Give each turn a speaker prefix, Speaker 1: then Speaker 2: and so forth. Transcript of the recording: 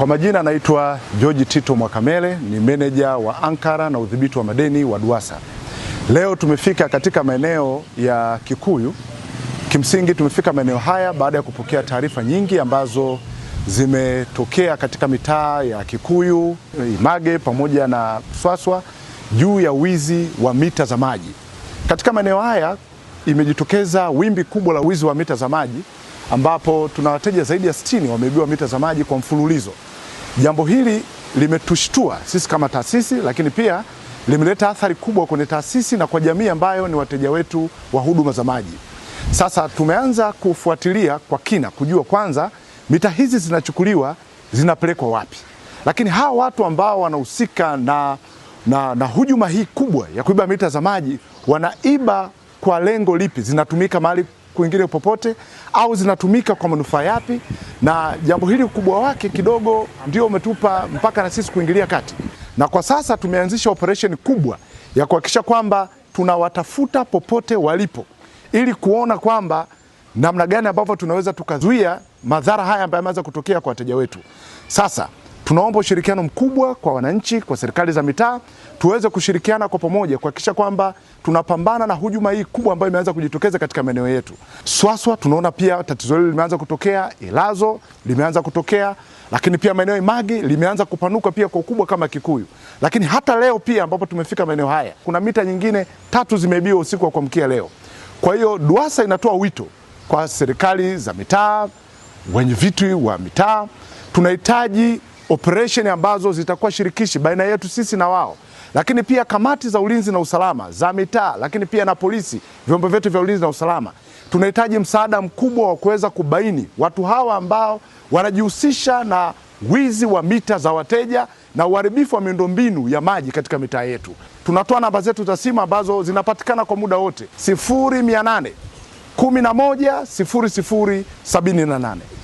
Speaker 1: Kwa majina naitwa George Tito Mwakamele, ni meneja wa ankara na udhibiti wa madeni wa DUWASA. Leo tumefika katika maeneo ya Kikuyu. Kimsingi tumefika maeneo haya baada ya kupokea taarifa nyingi ambazo zimetokea katika mitaa ya Kikuyu, Image pamoja na Swaswa juu ya wizi wa mita za maji. Katika maeneo haya imejitokeza wimbi kubwa la wizi wa mita za maji ambapo tuna wateja zaidi ya 60 wameibiwa mita za maji kwa mfululizo. Jambo hili limetushtua sisi kama taasisi, lakini pia limeleta athari kubwa kwenye taasisi na kwa jamii ambayo ni wateja wetu wa huduma za maji. Sasa tumeanza kufuatilia kwa kina kujua kwanza mita hizi zinachukuliwa zinapelekwa wapi, lakini hawa watu ambao wanahusika na, na, na hujuma hii kubwa ya kuiba mita za maji wanaiba kwa lengo lipi? Zinatumika mahali kwingine popote, au zinatumika kwa manufaa yapi? Na jambo hili ukubwa wake kidogo ndio umetupa mpaka na sisi kuingilia kati, na kwa sasa tumeanzisha operesheni kubwa ya kuhakikisha kwamba tunawatafuta popote walipo, ili kuona kwamba namna gani ambavyo tunaweza tukazuia madhara haya ambayo yameanza kutokea kwa wateja wetu sasa Tunaomba ushirikiano mkubwa kwa wananchi, kwa serikali za mitaa, tuweze kushirikiana kwa pamoja kuhakikisha kwamba tunapambana na hujuma hii kubwa ambayo imeanza kujitokeza katika maeneo yetu. Swaswa tunaona pia tatizo hili limeanza kutokea, Ilazo limeanza kutokea, lakini pia maeneo ya Magi limeanza kupanuka pia kwa ukubwa kama Kikuyu. Lakini hata leo pia ambapo tumefika maeneo haya, kuna mita nyingine tatu zimeibiwa usiku wa kuamkia leo. Kwa hiyo DUWASA inatoa wito kwa serikali za mitaa, wenye viti wa mitaa, tunahitaji operesheni ambazo zitakuwa shirikishi baina yetu sisi na wao, lakini pia kamati za ulinzi na usalama za mitaa, lakini pia na polisi, vyombo vyetu vya ulinzi na usalama. Tunahitaji msaada mkubwa wa kuweza kubaini watu hawa ambao wanajihusisha na wizi wa mita za wateja na uharibifu wa miundombinu ya maji katika mitaa yetu. Tunatoa namba zetu za simu ambazo zinapatikana kwa muda wote 0800 11 00 78.